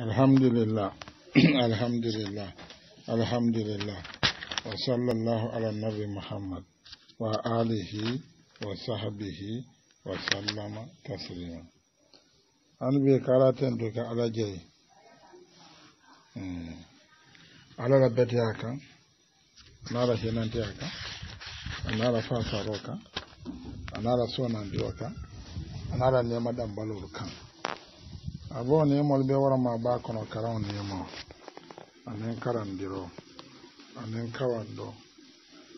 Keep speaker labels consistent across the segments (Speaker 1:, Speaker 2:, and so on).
Speaker 1: alhamdulillah alhamdulillah alhamdulillah wa sallallahu ala nabi muhammad wa alihi wa sahbihi wa sallama taslima an ɓe karatun duka ala jeyi hmm. ala rabbeteya kan naala henanteya kan a naala fasaro kan a naala sonandiwo kan a naala nema ɗambalol kan abo nemol be warama ba kono karaw nemo anin karandiro anin kawando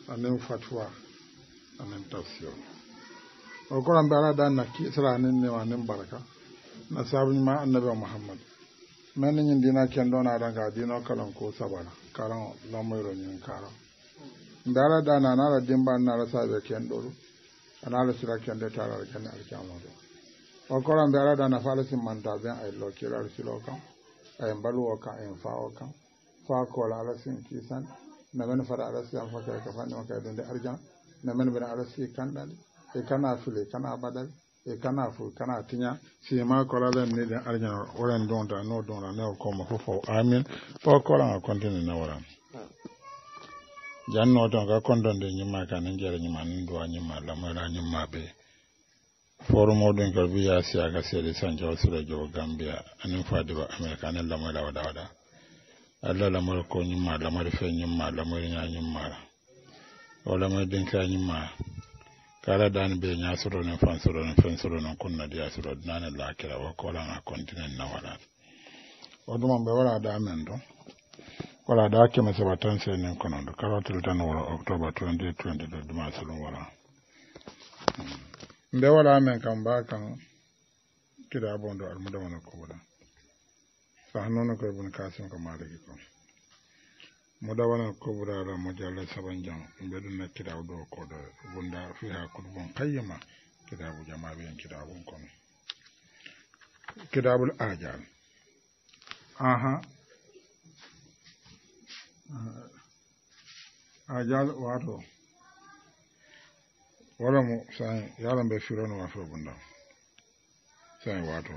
Speaker 1: anin fatwa anin tafsir o koran be ala dan na kisra anin nema anin baraka na sabu ma annabi muhammad men ñin dina ken ɗon aɗan ka dino kalan ko sabara karan lamoyro ñin kara mbe ala na anaala dimba annaala saabe ken ɗoru anaala sira kende taarara kene alkiamaɗo on koran ɓe araɗa nafaala simmantaɓen ay lokirar silo kam ayen mbaluwo kam ayen fawo kam fa kola ala sin kisan namen fara ala siyam fa kay ka fannima kay dunde arjan namen bena ala kan kanɗaɗe e kana file kana baɗal e kana fo kana tiña sima kolalen niɗen arjan oren donta no donta newo koma fof o amin fo kolanga continue nawaran janno ton ka kondonde ñimma ka nen jere ñima nen duwa ma lamoyra ñimma ɓe forumo ɗum kol wiya siyaga seeɗi sanjao surajo gambia anin fadiba amérique anin da wada wada allah lamori ko ñimma lamori fe lamar lamori ña ñimmara o ka ɗinka ma kala dani ɓe ñasuro nen fansuro nen fensuro nen kunnadi yasuro nane lakira na kolana na wala o ɗuman ɓe wala da amen ɗon wala da keme sai tan senin konondo kala tel tan wora octobre 2020 da duma salum wala nde wala men kan kiɗa bondo almudamana kowola ko ibn kasim ko maliki ko saban jam na bunda fi ajal aha ajal wato wala mo san yaran be firono ma fo bunda san wato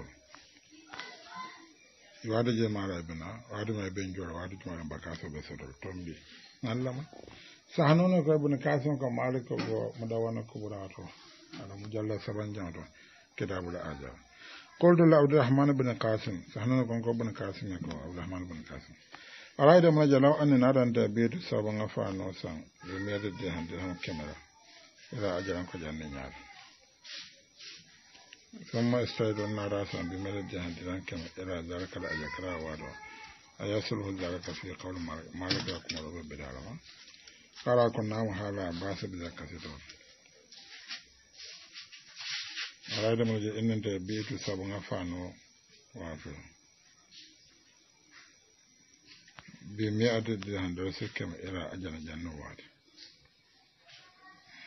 Speaker 1: waade je mara e bina waade ma e ben jor waade tuma ba kaso be sodol tombi nallama sa hanono ko e bun kaso ko maliko go mudawana kuburato ala mujalla saban janto kitabul aja qultu la abdurrahman ibn qasim sa hanono kon ko bun qasim ko abdurrahman ibn qasim arayda ma jalaw an nadan da be to saban afano san be miyada de da han kamera ila ajaran ko fi jande ñaata summa istaydo narasan bi mele jahandiran kema ila dalakala ajakara waɗo a kasu yasulhu dalaka fi qawle malika kumaloɓe beɗarama kala ko nama haala basa bi zakkasi toon arayde mo je innente biitu sabu nga fano waafe bi mi'ati dirhan dara sikkema ila ajana wa waade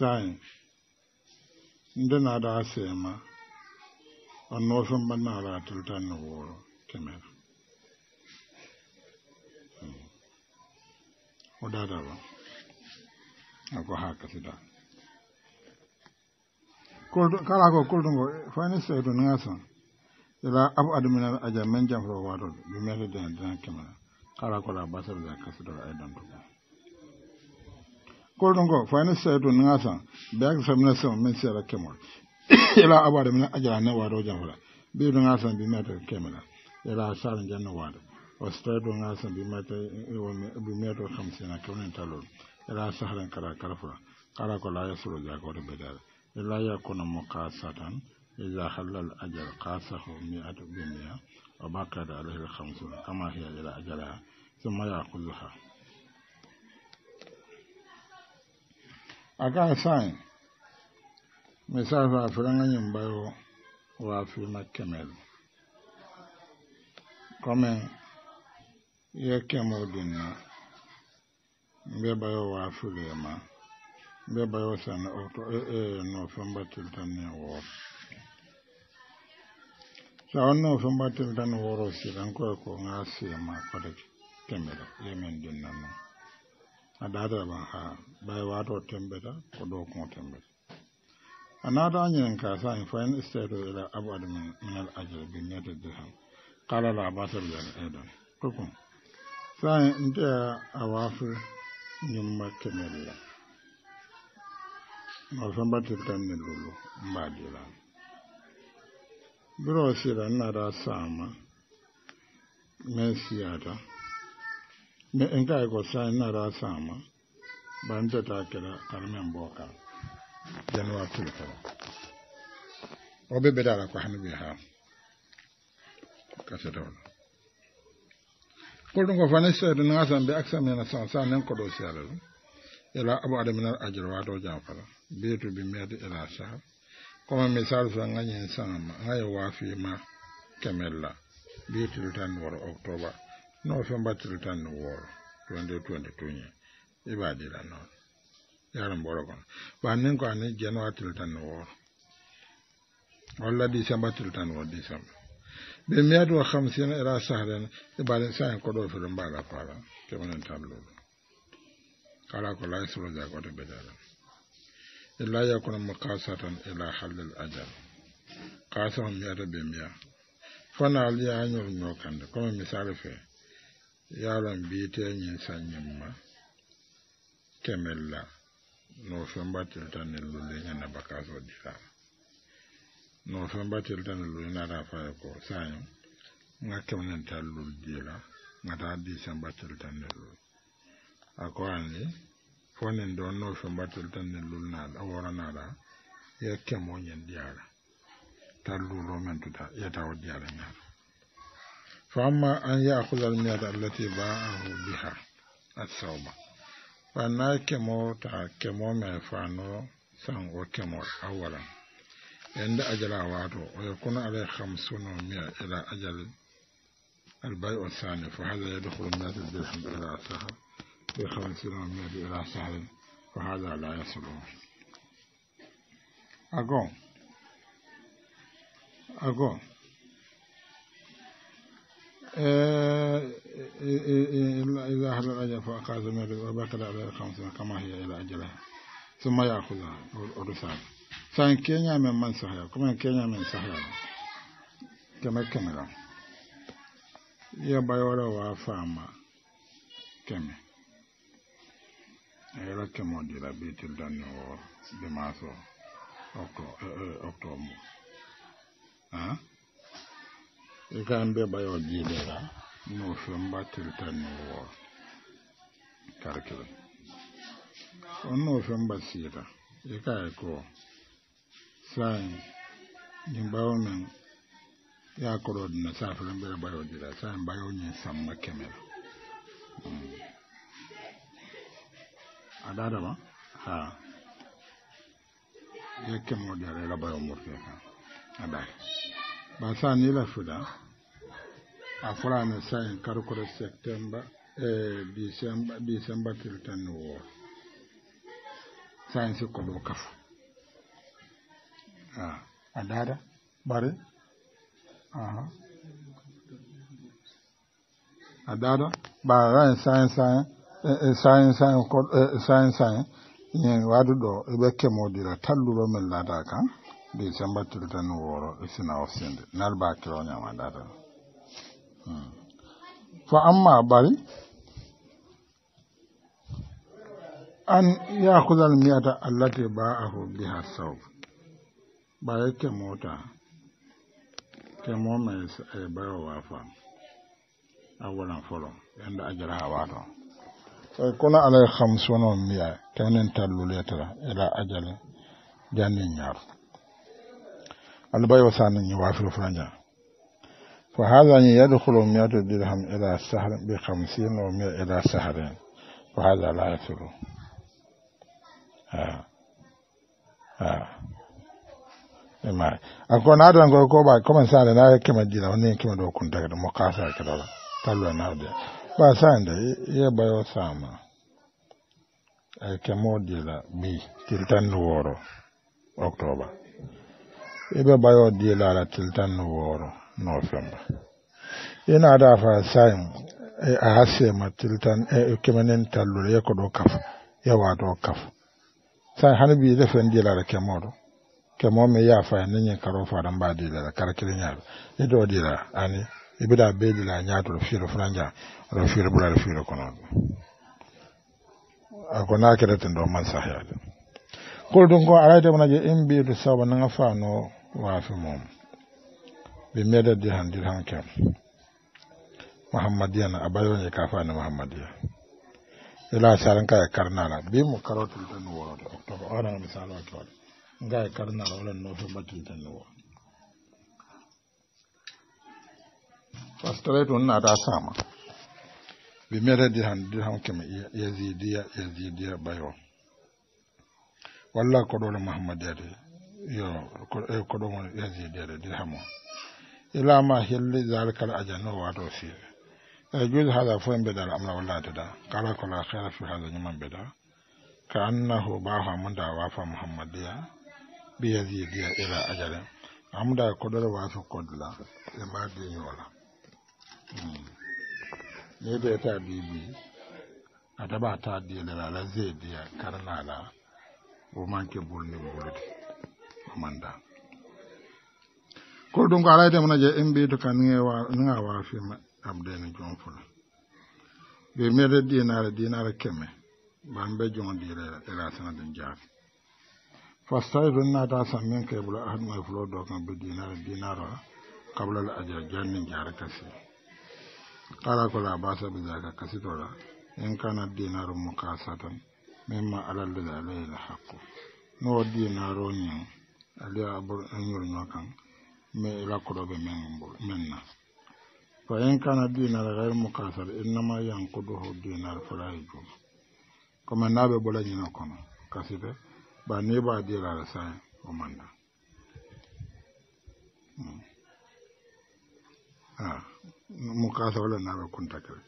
Speaker 1: sayins nde naɗa seema on nofen ɓannaala tultan no wooro kemera o dadaba ha kala ko fani ila abu aja wato ɗumete dene dena kemera kala kola da kasido ay koɗum ko fani seydu naga san mun samina sema min seeɗa kemol ila abaade mina ajala ne waade o bi ɓiɗo naga san bimetere kemela ila sare janno waade o seydu naga san bimetere hamsina ne talo ila saharen kara kala fula ko la yasuro jaaka woto bedare ila yakono mo ka satan إذا حل الأجل قاسه مئة بمئة وبكر عليه الخمسون kama hiya إلى أجلها ثم يأخذها aka sign misafa afiranga nyimbayo wa afirma kemel kome ye kemo dinna mbe bayo wa afirma mbe bayo sana oto e eh, e eh, november tiltani wo sa on november tiltani woro silan ko ko ngasema kode kemel yemen dinna no adadarama ha ɓay wato tembeta ko ɗo kon tembeta a anyị ñinen ka sani fayin istayto ila abad min minal ajre bi miyete dirham qala la basabiyal eɗon kokum sani nte a waafi ñumma kemella o sombatir tan ni lulu mbaadilan biro da nara saama min siyata ni in ka ko sai na ra sama ban ta ta kira karmen boka janwa tulka o be be dara ko hanu bi ha ka se to ko dum ko fane se dum na san be aksa mena san san e abu adam na ajr wa do jam fala be to bi me e sa kuma misal san ganyen sama ngayo wafi ma kamella be to tan war november to return the war 2022 nye iba dila non yaran boro ba nin ko ani january to return the war walla december to return war december ɓe miyadu wa hamsina ila saharen e baɗen sahen koɗo fere mbaga fara keɓanen tablo kala ko lay soloja koto bejaɗen illa yakono mo kasatan ila hallel ajal kasahon miyata ɓe miya fona aliya hañol ñokande comme misali fee yaran biteñin sanñimma kemella no sembatel tan lulle ñana bakaso disama no sembatel tan lulle nara fayo ko saño nga kemnental lul jila ngata di sembatel tan lul ako anli fonen do no sembatel tan lul nal awora nara ya kemo ñen diara tan lulo mentuta yata o diara ñara فأما أن يأخذ المئة التي باعه بها الثوب فأنا كمو تا كمو من فانو سانغو كمو أولا عند أجل وعده ويكون عليه خمسون مئة إلى أجل البيع الثاني فهذا يدخل مئة درهم إلى سهل بخمسين مئة إلى سهل فهذا لا يصلح أقوم أقوم ilah al aja fo akaza mere wabakada ala kamsa kama hiya ila ajala summa yakhudha odo sabi san kenya men man sahaya kuma kenya men sahaya kama kamera ya bayora wa fama kame ayra kama di la bitil danno de maso oko oko mo ha ikambe hmm. bayo jiɓera no femba tirtanni woo karkil on no femba siita ikaye ko sayin ñin bayo men yakorodina safere mbere bayo jiɗa sayin bayo ñin samma kemela aɗaɗama ha ye kemo jara la bayo murte kan aɗaye ba sa ni la fuda a fulani sayin karkura september eh, december, december sayin kafu a ah. dada a dada ba rayin sayin sayin sayin eh, sayin sayin eh, sayin yin wadu do ibe kemodira talluro min december isina nalba kiro nyama dada fa amma bal an ya kuza miyata allati ba'ahu biha hasau ba yake mota ke mo mai bayarwa fa a wurin fulon yadda a jira hawa to sai kuna alai hamsunan miya kyanin talluletar ila ajali janin yaro albayo sanin yi wafi وهذا يدخل مئة درهم إلى السهر بخمسين ومئة إلى سهرين وهذا لا يثر آه. آه. imai ako na adon ko ba ko man sare na ke ma dina woni ke ma do kun daga mo ka sa ke dala talwa na de ba san da ye ba yo sama e ke mo dila bi tiltan woro oktoba e ba ba yo dila la tiltan woro November. In da for sign eh, a hase matiltan a eh, kemanin tallur ya kudo kaf ya wado kaf. Sai hannu biyu da fen dila da kemoro. Kemo me ya fa nan ya karo faran ba dila da karkirin ya. Ido dila ani ibi ibida be dila nya to firo franja ro firo bula firo kono. Akona kire tindo man sahya. Kuldun ko alaita mana je in bi da sabo nan afa no wa fi mu. Bi meɗa de handir han ken muhammadiya na ne kafa na muhammadiya ila kai karna na bi mu karatu tan woro to ko ona misalo to ga na wala no to batin tan woro pastorate na ta sama bi mere dirham dirham kama yazidiya yazidiya bayo wallahi ko dole yo ko eh, ko dole yazidiya dirham ila ma hilli zalikal ajanno wato fi e eh, juz hada fo en bedal amna wala tada kala kala khaira fi hada nyuma beda ka annahu ba ha mun hmm. da wa fa muhammadiya bi yazidiya ila ajalin amda kodar wa fi kodla e ma de yola ne be ta bibi adaba ta di la la zediya karnala o manke bulni buldi o manda ko ɗum ko alayde mona je en mbiyto ka niga waafima abdeni jon fula ɓe mede dinare dinare keme bambe jondire ela sanaden jaafi fastayidun e nata sammin kebula ahaduma fulo do kan be dinare dinaro kabla la ajira janni jara kasi kala ko la bi be zaka kasi to la in kana dinaru mukasatan mimma alal da alayhi alhaqu no dinaro ni ali abur an yurno kan me rakkuɗoɓe men na fa in kana dinar gayr mukasar innama yankuduhu dinar furahijum comme naɓe ɓola ñina kono kasite ba ni ba dirare sa o manda hmm. a ah, mukasa wala naɓe kuntakere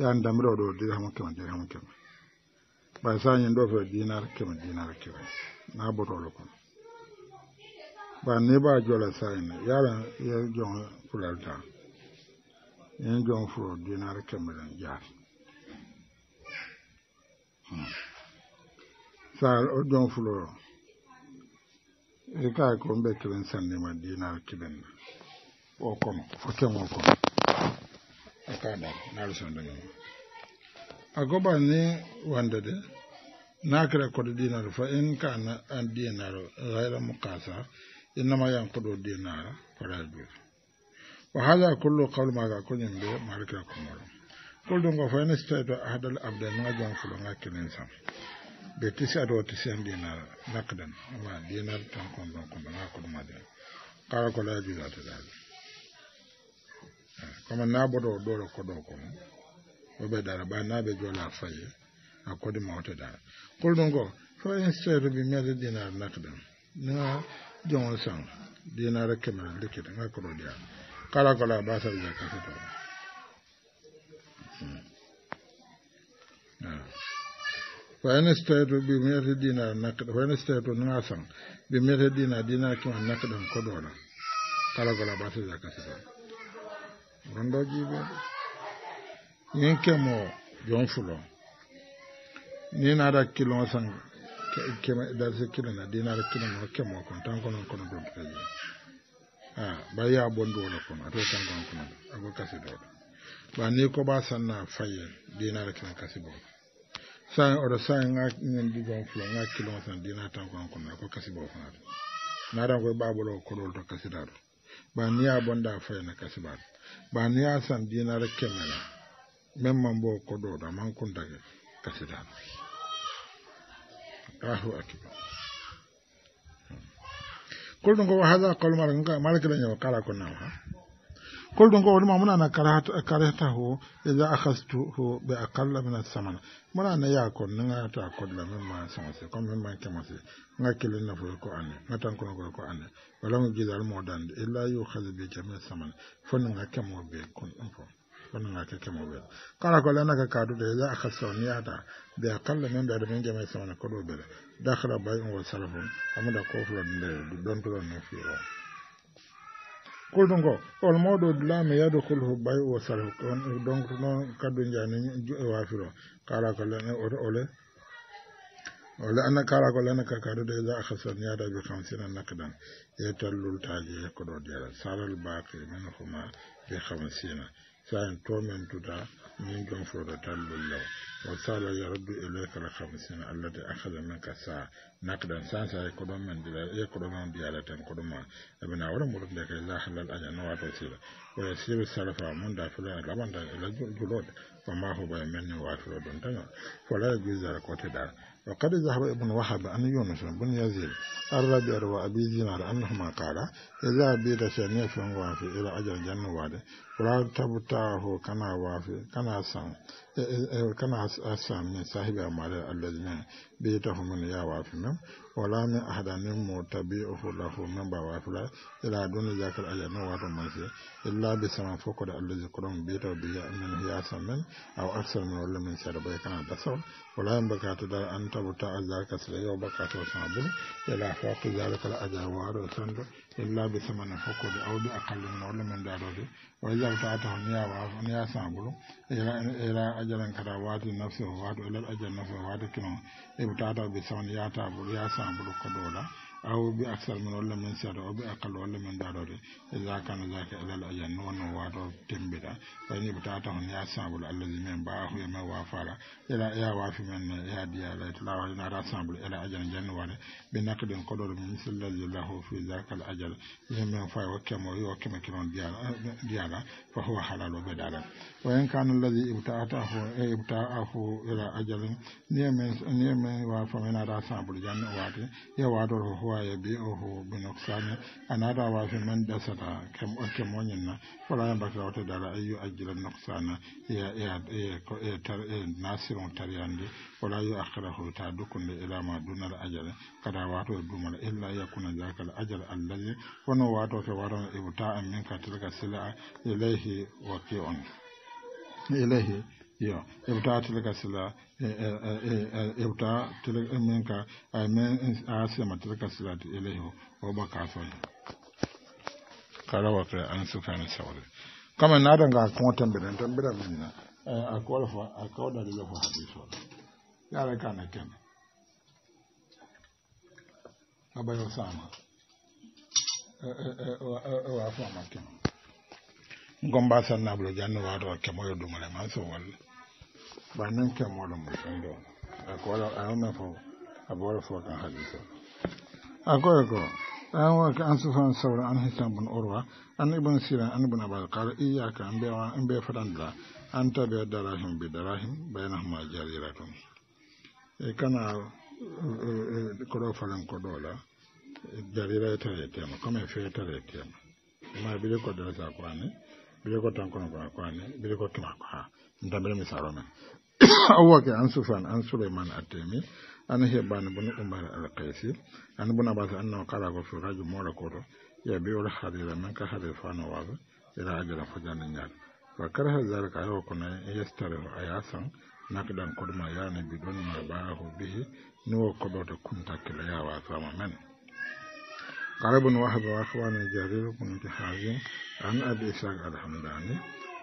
Speaker 1: yan damiro ɗo dirham keme dirham keme ɓay sañin ɗo fe dinar keme dinar keme na botolo kono ba ne ba jola sayne yaran ya jon fulalta en jon fro dinar kamaran jaar sa hmm. o jon fulo e ka ko mbe san sanne ma dinar kiben o ko fo mo kono e ka da na so ndo agoba ne wanda de na kira ko dinar fa in kana an dinar ghayra muqasa innama yankuɗo dinara fara biyu wa hada kullu qawlu maga kuñum ɓe malikira kumoro kulɗum ko fayno so tawi to haadal abda naga jom fulo ngakkilin sam ɓe tisi aɗa o tisi hen dinara nakdan ma dinar tan kon ɗon kon ɗon hakkuɗumaɗe kala ko la jurata daali kono naɓoɗo o ɗoɗo koɗo kono oɓe dara ɓa naɓe joola faye hakkode mawte dara kulɗum ko fo en seeto ɓe miyata dinar nakdan na jongo san dinara kemere nde kete nga korodia kala kala basal zakati hmm. hmm. to wayne stayto bi miyata dinar nakɗa wayne stayto nga san bi miyata dinar dinar kima nakɗan koɗoɗa kala kala basal zakati to rondo jiɓe ñin kemo jon fulo ni na da kilon san se darse kilona dinara kilona kemmo kon tan konon kono ɗon kaji a bon bondu wona kono to tan kono kono ako kasi ɗoɗo ɓa ni ko ba koɓa sanna fayen dinara kilon kasi boɗo sain san sain ga inen ɗigon fulo nga kilo san dina tan kono kono ako kasi bo fanata naɗan koye ɓaɓolo koɗol to kasiɗaɗo ɓa ni ya bonda fayena kasiɓaɗo ɓa ni ya san dinara kemela men man bo koɗoɗo aman kuntake kasiɗaɗo ahu akiba kol ɗum wa hada kol mara ka malakila ñawa kala ko nawa kol ɗum ko wonma munana karahatahu ida akastuhu be akalla min munana min ma samase comme min ma ko anne ko jidal mo dande illa wannan ga kake mo bela kala ko lana ka kadu da za aka sauniya da bi akalla min da min jama'i sauna kodo da dakhala bai'un wa salafun amma da kofulan da don tulan na fiwa kulɗum ko on mawɗo laami yadu kulhu ɓay o sara on donc noon kaddu jani wafiro kala ko lene ole ole anna kala ko lene ka kadu de ja hasan yaada bi hamsina nakdan e tallultaji hekkoɗo jeera saral baaki min kuma bi hamsina sayan tomen tuta min jon fodo tallullaw وقال يا ربي إليك الخمسين التي أخذ منك ساعة نقدا سان ساي كدوم من دلا إيه من ديالا تن ابن أول مرد لك إلا حلال أجا نوات ويسير السلف من دافلا لمن دا إلى جلود فما هو بيمن وافر دون تنا فلا يجوز لك وتدار وقد ذهب ابن وحب أن يونس بن يزيد الربيع وأبي زينار أنهما قالا إذا بيد سنيف وافي إلى أجل جن وادي ولا تبتاه كنا وافي كنا سان كنا asamin sahibi amara allazina bai tafi mun ya wafi nan wala mi ahadanin mu tabi'uhu lahu min ba wafi la ila duni zakar ajanna wa ta manzi illa bi saman foko da allazi qur'an bai ta biya annan ya sanan aw aksar min wala min sar bai kana da sau wala an baka ta dar an tabuta allaka sai yau baka ta sabun ila foko zalika al ajawa wa illa bi saman foko da audu a wala min da dole wa illa ta ta hanya wa an ya sabun ila ila ajalan karawati nafsu wa ila ajalan da bi ya ta ɓuuru ya sa saɓuru ko dola aw bi aksal min wala min sa da bi aqal wala min da kan za ka ila al ajan no wonno wato tembiɗa fayni ko tata on ya sa sable allahi min ba hu ma wa fara ila ya wa fi min ya ela eya waafi men ne eya diyala tolawa nata sable ela ajal janni waɗa ɓe nakkaɗen koɗore min sallallahu lahu fi zakal ajal min yimin fay hokkemo yo hokkema kinon diyala فهو حلال بدانا وإن كان الذي ابتعته ابتعه إلى أجل نيم وفمن رأس أبو الجنة واتي يوادره هو يبيعه بنقصان أنا روى في من دسنا كم كم وننا فلا ينبغي له تدار أي أجل النقصان يا يا يا ناصر ترياندي wala yu akhirahu ta dukun da ila ma dunar ajal kada wato dumar illa yakuna zakal ajal allazi wannan wato ta wato ibta amin ka tilka sil'a ilaihi wa waqi'un ilaihi yo ibta tilka sil'a e, e, e, ibta tilka minka ay min asima tilka sil'a ilaihi wa bakafan karawa kare an suka ne saurari kama na danga kuma tambirin tambirin mina a kawo da lafa hadisu yara kana kene abayo sama e, e, e, wa fama kene gomba ma so ba nan mo fo fo kan ko an waka an an hisan bun urwa an ibn siran an ibn abal qala iyyaka an an bi da an tabi'a darahim bi darahim jariratun Eh, kana koɗo falan koɗo la jarira tara tara ma ko ko ani ko ko ani ko ko ha an sufan an atemi ana hebbani bunu umar an basa annahu kala ko fi ya biwol hadira men ka hadir fano waga ila ajara fojani ñaade wa karaha zalika ayo san nakdan kodma yani bi don na baho bihi ni wo kodo da kunta kila ya wa zama men qarabun wa hada akhwana jarir kun ti an abi isaq alhamdani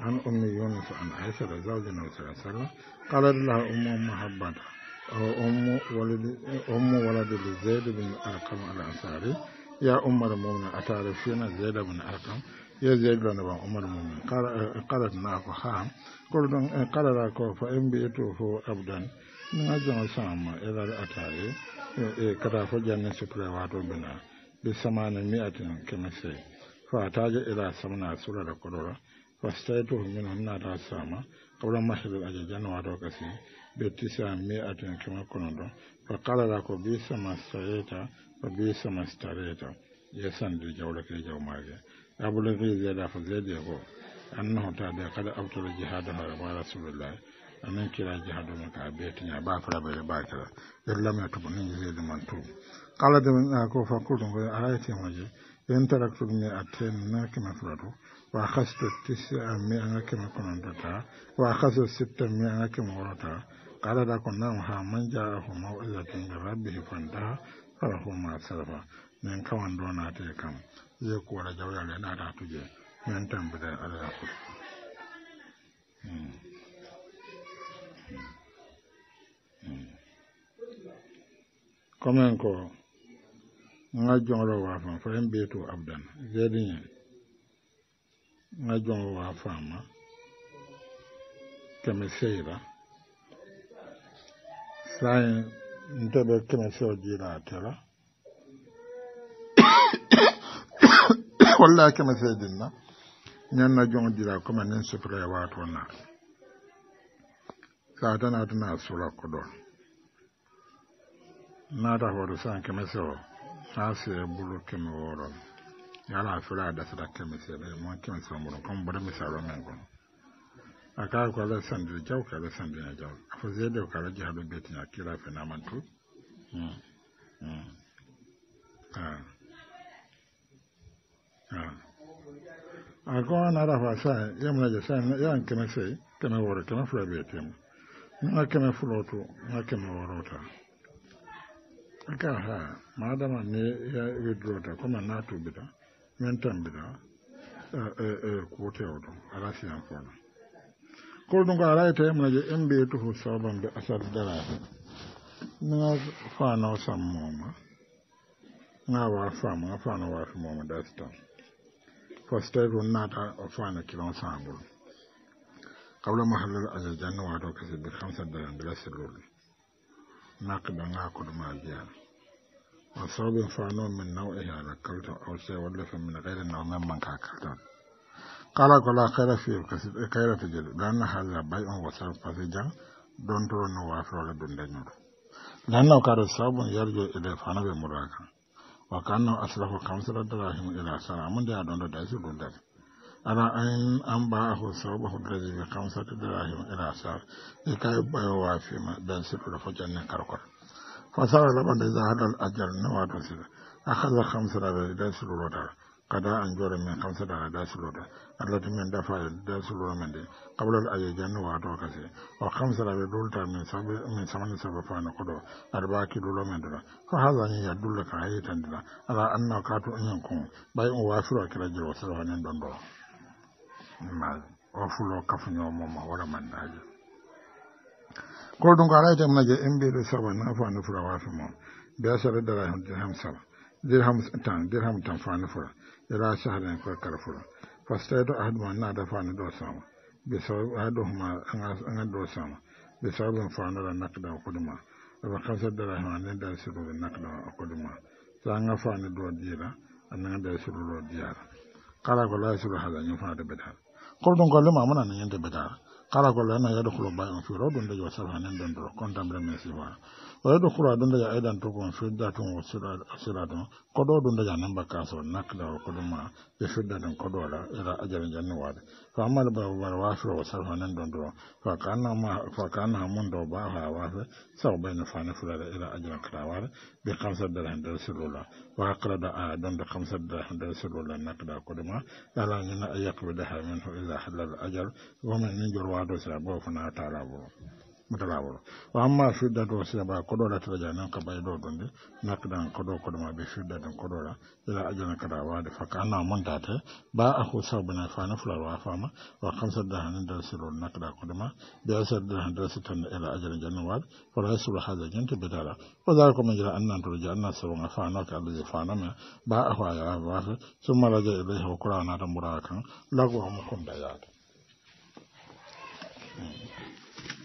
Speaker 1: an ummi yunus an aisha da zawjin rasul sallallahu alaihi wasallam qala lahu ummu mahabbata او ام ولد ام ya yeeje ɗon wan umar mum karatnako ha kono ɗon karara eh, ko fa en mbiyatu fo abdan min ajjama sama elare eh, ataye e eh, kata fo janne sukura wato bina ɓe samana mi'atin keme se fataje ila samna surata koɗora min na nata sama kabla mahidel aje janne wato kasi ɓe tisa mi'atin keme kono ɗo fa karara ko bi sama stayeta fa bi sama stareta yesandi jawle ke jawmage أبو في زيادة فزيد يقول أنه da قد أبطل جهاده مع رسول الله amin kira jihar domin ka abe ta ya ba fara bai ba kira in lamar tuba ne zai da mantu kala da na ko fa ko don a rai ta maje in taraktu ne a ten na kima furado wa khastu tis'a mi an kima kunanta ta wa khastu sitta mi an kima warata kala da kun nan ha man ja'ahu mau'izatun da rabbi fanta farahu ma sarfa nan kawan dona ta kam ye kuwara jawyale naata tuje men tambide ala yakutu hmm. hmm. hmm. komin ko ŋa jɔŋro waa fan fo en abdan jeediñe ŋa jɔŋro waa faama keme seyra sayin nte be a walla keme seedin na ñanna jongdira comme nin sufre sa ta satana tuna sura ko ta ho do san ma so sa se bulu keme ya yala sura dasata keme seeɗa mon keme sewo mboɗon comme mboɗo misalo men kono a kaa ko san du jaw ko ala sandina jaw do beti ko kira fe na man kila hmm hmm ah Agon arafa sa yamna je sa yan kene sei kene woro kene fula be tem. Na kene fuloto na kene worota. Aka ha madama ne ya ta kuma na to bida. Men tam bida. Eh, eh, eh, odo an fona. Ko dun ga ara ita yamna je embe to ho saban be asar dara. Na fa na sammo ma. Na wa fa ma fa na wa fa da stan. fo stayru ta o na kiran sangol kawla mahallal alal janna wato da bir hamsa daran na sirrul na kudu ma biya wa sabin fano min nau'in la kalta aw shay wala na min da nau'in man ka kalta qala qala fi kasi khayra tajid dan halla bai'un jan don to no wa fa la dun danyo dan na sabon yarjo ida e fana bai muraka wakannan asirafa asrafu da rahim ila sara mun da ya don da su don da ara an an ba a husa ba hudra da da rahim ila sara ne kai bayo wa fi ma dan su da fajan ne karkar
Speaker 2: fasara laban da za
Speaker 1: hadal ajal na wato sira akhadha khamsara da su da kada an jora min kamsara da su da allati min dafa dasulomede kablal aye janni wato kase o da ɓe ɗolta min samani saba fani koɗo aɗa ɓa kilolomedera fa hasani yaddulla ka hayitandira ala anna kato ñin kon ɓay kira jiro o fulo wala ko je fura dirham tan dirham tan fura ila fasaido ahaduma naata fani ɗo sama bisaw ahaduhuma anga ɗo sama bisawɓen fanora nakɗa okoduma aɓa kamsadarahima ne dar surure nakɗa okoduma so anga fani ɗo dira anaga dar sururo diyara kala ko la suru hala ñum fanade bedara kol ɗum golle mamana na ñande bedara kala golle no yaɗo hulo bay on fiiro ɗum dejo safa nen ɗon ɗo contembre men o da ya idan tukun fi datun wa siradun na kudawa kudin ma ya fi datun kodola ira ajiyar jan don duro fa ka an ba ha wafi sau bai da ira ajiyar kudawa da bi da rahindar sirula wa da a don da kamsar da mutalawolo wamma kodora ta koɗola nan ka bai dodon ɓay ɗo ɗonde nakdan koɗo koɗoma ɓe fiddaten koɗola ila ajana da faka ana manta ta ba a ako sabuna fana fulal wa fama wa kamsadda da nder silol nakda sar da asadda da su sitanne ila ajana janna wade fala sulu haja jonte bedala o dara komin jira fa na anna sabonga fa na fanome ba a ya ba su wafe summa raja ilayhi o kura anata mbura kan lago omo konda yaade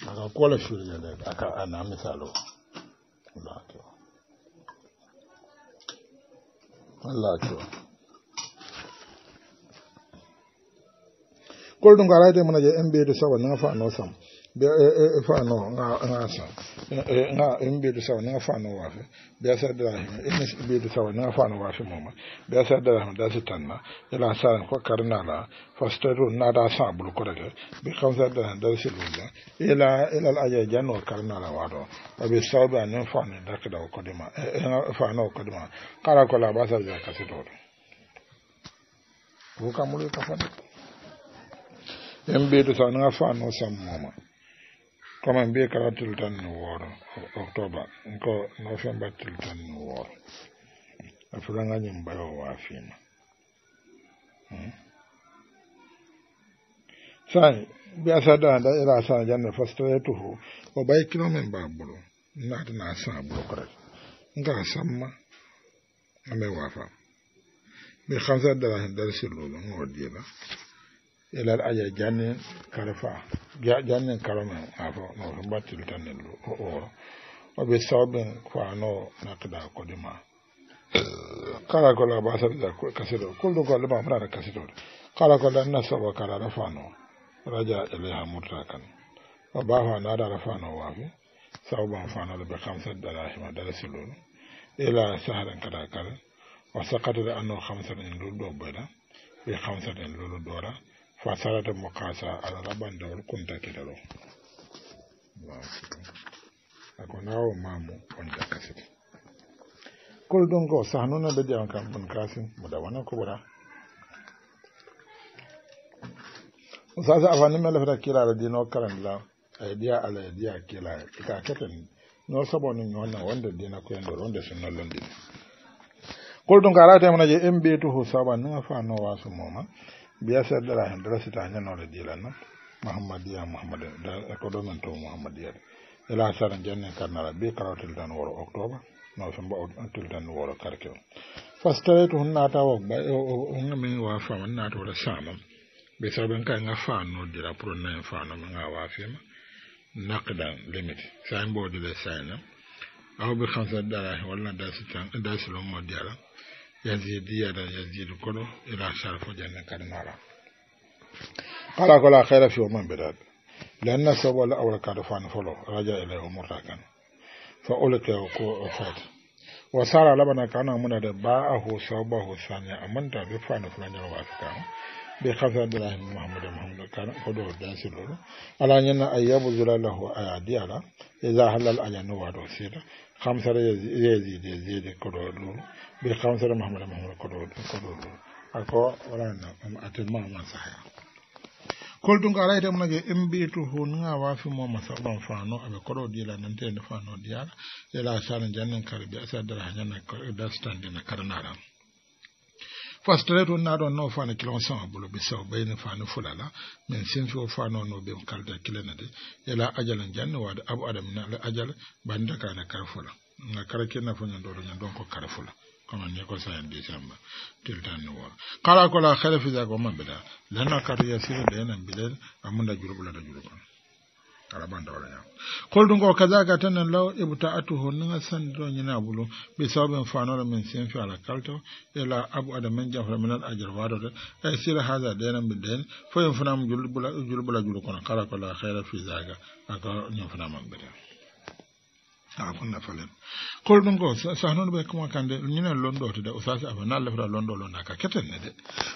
Speaker 1: aka kola shirya da aka ana misalo Allah kewa Allah kewa kullum ga rade mana je mba da sawa na fa no sam e, e, e fano nga sa e, nga mbedu sawa nga fano wafe biasa dirahim mbedu ni nga fano wafe moma biasa dirahim da sitanna ila saran ko karnala fastaru na da sa bulu korege bi khamsa da da silulla ila ila al ajaja no karnala wado abi sawba ne fano da kada ko dima fano ko dima kala ko la basa ja kasito ko kamulu ka fano mbedu sawa nga fano sam moma kama mbiye kala tiltan ni wooro octobre ko novembre tiltan ni wooro a fulanga ñin mbayo waafima hmm? sai bi asada da ira sa janna tuhu o bai kilo men babulo na na sa bulo kare nga samma ame wafa bi khamsa da darsi lulu ngodila ilal aja jannin karafa jannin karamen afo no battil tannen lu o oro o ɓe na fano ko dima kala kola basaɗa kasiɗo kulɗu ko ma fotata kasiɗoɗe kala kola anna soɓo karaɗa fano raja ilayha murta kan o bafa naɗaɗa fano waafi sawban fanoɗo ɓe kamsa darahima da siluno ila saharan kada kala o sakatade anno kamsaɗen lulɗo boyɗa ɓe kamsaɗen lulu dora da mo a rarraban da warkunta kidaro a nawo mamu on jakasim kol ɗon ko sahnuna ɓe jawan kam on kasim moda wona kobora sasa afani da kira da dino karandila aye ɗiya ala e ɗiya kilare ika keten na sobo no ñonna wonde dina kuyen ɗo ɗonde sunnollondini kol ɗum ta arate mona je en mbiyetuhu saba nuga fa no wasu moma biyasa dara dara sita ñanore dilana mahamadiya mahamada ko ɗo men to mahamadiya ila sara jenne karnara bi karatel tan woro octobre no somba tel tan woro karke o fastaraytu hun naata o min wa fama naata wota samam ɓe saɓen ka ga fanodira pour nayi fanoma ga wafima naqdan limite sayin mbodile sayinam aw ɓe kamsa dara walla dasitan dasilommo diyala يزيدية يزيد كله إلى شرف جنة كرنارا قال كلا خير في يوم بدات لأن سوى الأول كارفان فلو رجع إليه مرتاكا فأولك وفات وصار لبنا كان من باعه صوبه الثانية أمن تابي فلان وافكا بخفى الله محمد محمد كان قدوه دانسلو على أن أياب زلال له إذا هلال أجان وادو hamsara yazid yazid koɗoɗo ɓe hamsara mahamada mahamada koɗoɗo koɗoɗo ako walanna atemma man sahaya kolɗum ko ara itemunage embitu hu nga ma waafimo masaban fano aɓe koɗo ɗila nantede fano diyala ela sara jannen kara ɓe asadara ha ñanna dastandena karanaran fastere na ɗon no fani kilon sama bolo ɓe sew ɓeyni fani fulala min sinfi o fano no ɓe kalda kilenade yala ajalan janne wade abu adamina ala ajal banda kana kara fula ga kara kinna fo ñan ɗoɗo ñan ɗon ko kara fula kama ñe ko sahen décembre tiltanni wora kala kola helefisago mabɓeɗa lena kata yasiri ɓe enen mbiɗen amunda juruɓulata jurukon karaban da yau. Kullum ko kaza ga lau ibu ta atu honnun asan don yana bulo bi sababin da min sin fi ala kalto ila abu adam min jafar min al ajr wado da yi e sira haza da nan bi den fo yon fanam jul julbula julbula bula jul kono kala kala fi zaga aka nyon fanam bada afunna falen kol ɗum ko sahnon ɓe kuma kande ñinen lonɗotude o sasi afa na lefra londo londa ka keten ne de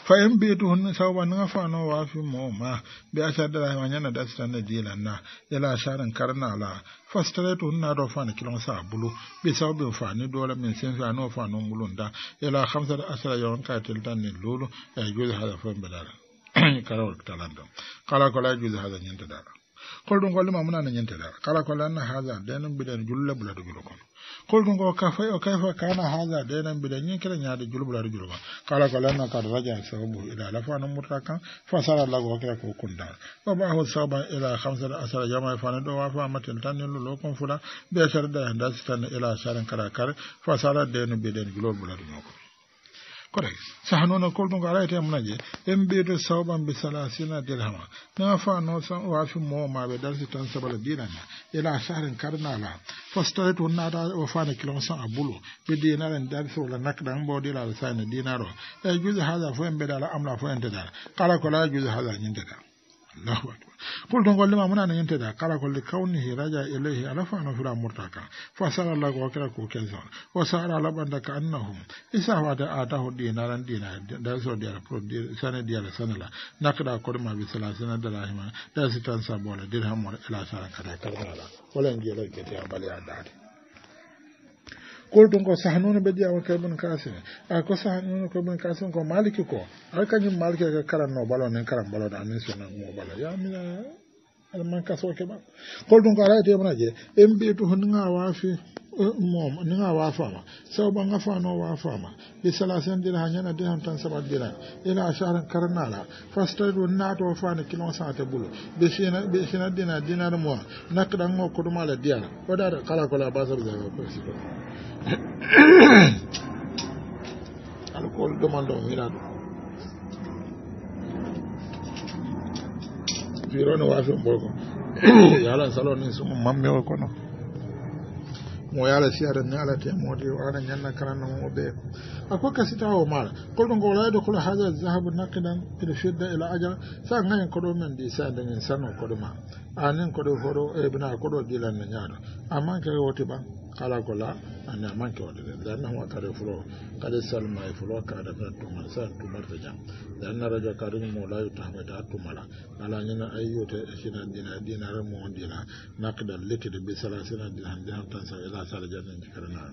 Speaker 1: fa en mbiyetu honne sawba naga fano waafi mo ma ɓe na ñanade asitane dilanna yala saran karnala fastaratu hunna ɗo fani kilon sa bulu ɓe sawɓe fani dole min senfi ano fano ngulunda yala hamsata asara yawan katel tan nin lulu e eh, juude haɗa fo mbeɗala karawol talan ɗon kala ko la juude haɗa ñinta dala kolɗum golle ma munana dar kala ko lanna haga denan mbiɗen julle ɓulaɗo julo kon kolɗum go kafa o kayfa kana haga denan mbiɗen ñinkira ñaade julo ɓulaɗo julo kon kala ko lanna ka raja sabu ila la fa nommuta kan fa sala la go okira ko kundar o ho saban ila khamsa asara jama fane ɗo wa fa maten tan lo kon fula be ɓe da dasi tan ila sharan kara kar fa sara denu mbiɗen julo kon kotak saha noon kolɗum ko ala e temnaje en ɓeydo sawɓanɓe sala sina dirhama nawa fa noon san waafi momaɓe darsi tan sabala dinana ila sahrin karnala fastaret on naata o fana kilon san a bulo ɓe dinaren darsi walla nakɗan mbowɗilala sane dinaro e juuse haala fo en mbeɗala amla fo en kala ko la juuse haala ñinteɗa allahu akbar kul don golle ma muna nan yanta da kara golle kauni hiraja ilaihi alafa na fura murtaka fa sara Allah ko kira ko kenzo wa sara laban da ka annahu isa wa da ata hu dinaran dina da so da pro sana dia la sana la nakda ko ma bi sala sana da rahima da sitan sabola dirham wala ila sara kada kala wala ngi la ke ta bali kol ɗum ko sahanuno ɓe ƴeyawa kabun kasimi a ko sahanuno kabun kasimi ko maliki ko ay kañum maliki ka karanno balo nen karan baloɗo amin sunan mo balo yamina alman kaso ke ba kol dun ko alaite mana jire en be to hun nga wa fi eh, mom ni nga wa fa ma fama ba nga fa no wa fa ma bi salasin dira hanya na dinan tan sabat dira ina sharan la fastar dun na to fa na kilo sa ta bulu bi sina bi sina dina dina na mo nak kadan ngo ko dumala dia ko da kala kala ba sar da ko si ko alkol do man do mira do pironi wafin boko yalan salon ni sun mamme wa kono mo yala siyara ni ala te modi wala nyanna karan mo be akwa kasita o mala koldo ngola do kula haja zahabu naqidan til shidda ila ajal sa ngayen kodo men di sa den sanu koduma anin koɗo hoɗo ebina koɗo jilanne ñaaɗo amanke woti ba kala ko la ani amanke wode na lannahuma kade foro kade salma e foro fulo to man sa to barta jam dan lanna radio karim mo lawi tahamede ha mala ala ñana ayyute sina dina dina dinare mo dina nakda lettide bi sala sina dina dina tan sa ila sala janne karana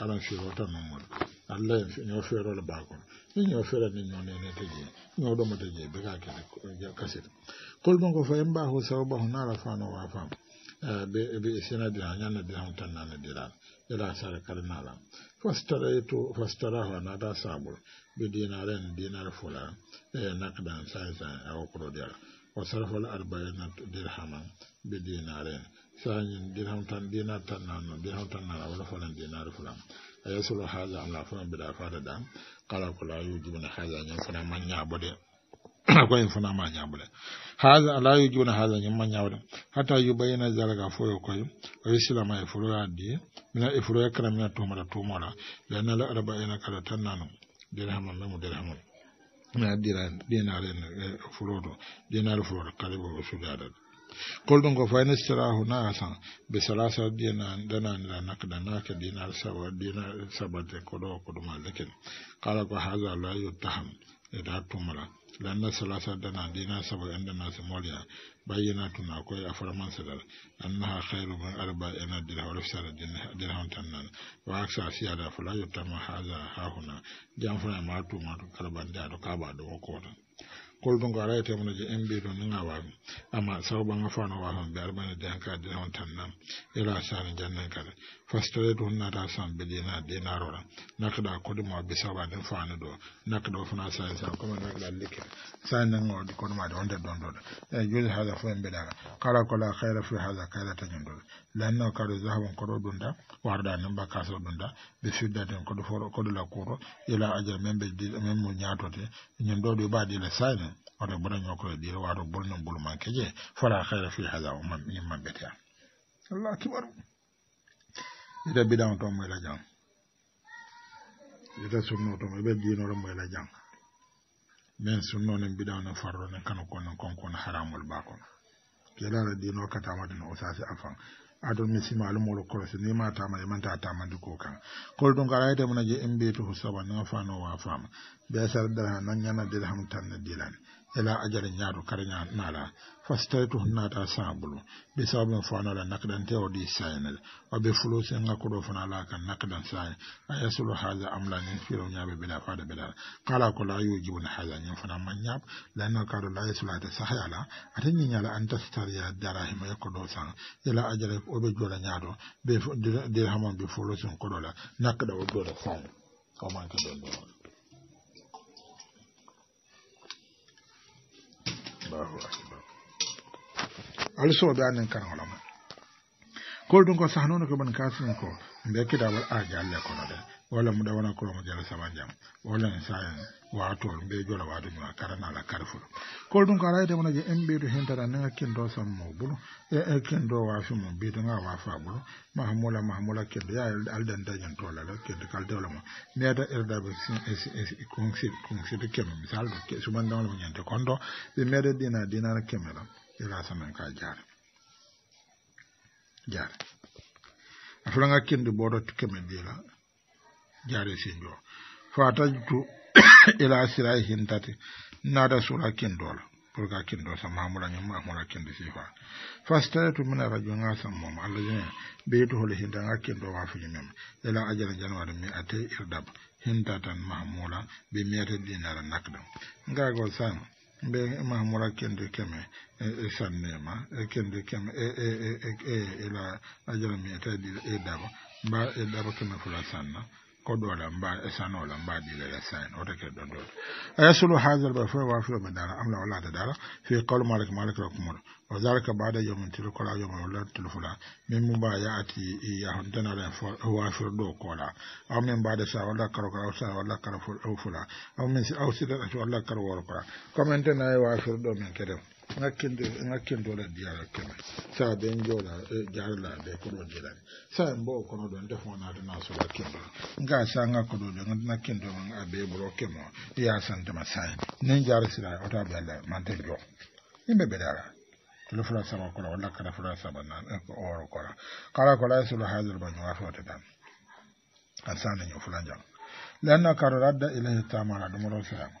Speaker 1: alan firota non wol allah ñoo feerole bakol ni ñoo feera ni ñoo nene teje ñoo ɗoma teje be ka kene kasit kol ɗon ko fayen mbahu sababahu naala fano wa fam ɓe sena diram ñanna diram tan nane diran ila sare kala naala fastaraytu fastarahu anata sabol ɓe dinaren dinare fula e nakdan sasan awokorodiala wa sarafal arbaina dirhaman ɓe dinaren sañin dirham tan dinar tan nanno dirham tan nana wala fulan dinari fulan a yasulu haja am la fulan mbiɗa da ko la ma ko en ma la ma hatta o yisilama e fuloya di mina e mina araba kala tan en kolɗum ko fayno sirahu asan, be salasa na kada na ka dinar sawa dinar sabate kudu ko kudu alakin kala ko haza la yuttaham e da dan na salasa dana dina saba yan dana su moriya bayyana tuna akwai a farman sadar annaha khairu min arba yana e dirhawar fisar dirhawar tannan wa aksa siya da fulayu ta mahaza hahuna jan fura ma tuma karban da kaba da wakota kolɗum ta mun ji mb don ni ba amma sawɓaga fano na ɓe biyar bane da yanka da tan nan ela sani jannen kala fastoye na da san na na rora bilina dinarora nakɗa koduma bi sabanin fani do ɗo nakɗo fana sai kuma na kada liki sai nan o kodumade da wanda don ɗoɗo e juli hada fo en bidara kala kola hayra fi kala ta tañum lan lanno kadu zahabun koɗo ɗum da warda nan nin bakaso ɗum da bi ɓe fiddaten foro fo la kuuro ila ajal men ɓe men mo di ñin ɗo ɗo mbaɗila sayne oto ɓuura ñokkoye ɗiro wato bulnan bulman keje fala khaira fi hada o min mamɓete an allah kibaru ita bidaŋo to moyi la jaŋ ita sunno to mo ibe diinoro moyi la jaŋ men sunno ne bidaŋo nin farro ne kanu ko nin konko nin haramol baa kono kelara diino katamaden o sasi afan adon mi sima simalu molo korosi ni ma tama e manta di ko kan kol dun ɗum gara yede mona je embetu ho soba naga fano wa fama be sara dara nan ñana dirham tanne dilani ela ajare ñaatu kare ña nala fastaytu hunnata sabulu bi sababin fano la nakdan te o di sayanel o be fulo sen ga kodo fana la kan nakdan sayan a yasulu hadha amla nin firo nyabe bila fada bila kala ko la yujibu hadha nyin fana man nyab la na kado la yasulu ta sahyala atin nyin ala anta stariya darahim ya kodo san ila ajare o be jola nyado be dirhamon bi fulo kodo la nakda o da sayan o man ka do do Allahu Akbar. al sodanin kan holama ko ɗum ko sahnono ko ɓen kasin ko mbe kitaɓol aji allah kono de walla mu ɗawana koromo jala saban jam Wala en sa en watol mbe jola wadu ñuma karanala karful kol ɗum ko alayde mono je da mbiɗo hintata nega kendo sammo bulo e e kendo wafi mum bidoga wafa bulo mahamula mahamula kendo ya alden dañen tolala kendo kal dewla mo neda erdaɓe consiɗe consiɗe keme misal ɗo sumandawlamo ñande kondo ɓe meɗe dina dinara kemela gasa men ka jar jar a fulanga kendi boɗo tuke men dila jare sinjo fa tajtu ila sirai e hintati nada sura kindola pour ka kindo sa mamula nyum mamula kindi si fa fa stare tu mina rajo nga sa mom alo jene beitu holi hinta nga kindo wa fuji mem ila ajana e januari mi ate irdab hintatan mamula bi miyate dinara nakdam nga go sang mbe mahmura kende keme e sannema e kende keme e ila ajarami eta e daba mba e daba keme fula sanna قدوة لمبا إسانو لمبا دي للسان وتكي دندود أيسل هذا البفر وافر بدانا أملا ولا تدارا في قول مالك مالك ركمور وذلك بعد يوم تلك لا يوم ولا لا من مبايعة إياهم لا هو في الدو قولا أو من بعد ساعة ولا كروك أو ساعة ولا كروك أو فلا أو من أو سيدة ولا كروك كما أنت نايوا في الدو من كريم ŋakkin dola diyara keme saa ben jola jarla e, be koɗo jelani saa mbo na ɗon te fonatana sola kendo nga sa ŋakkoɗo n gatana kendo a be ɓuro kemo ya santema sae nin jara sira ota be alla mante jo yimɓe ɓe dara lo fula saba kola walla kara fula saba nan e, oro kola kala kola e solo haydor ba ñowa fewte a an sane ño fula jam lenno karo radda ilahi tamala ɗumoro feama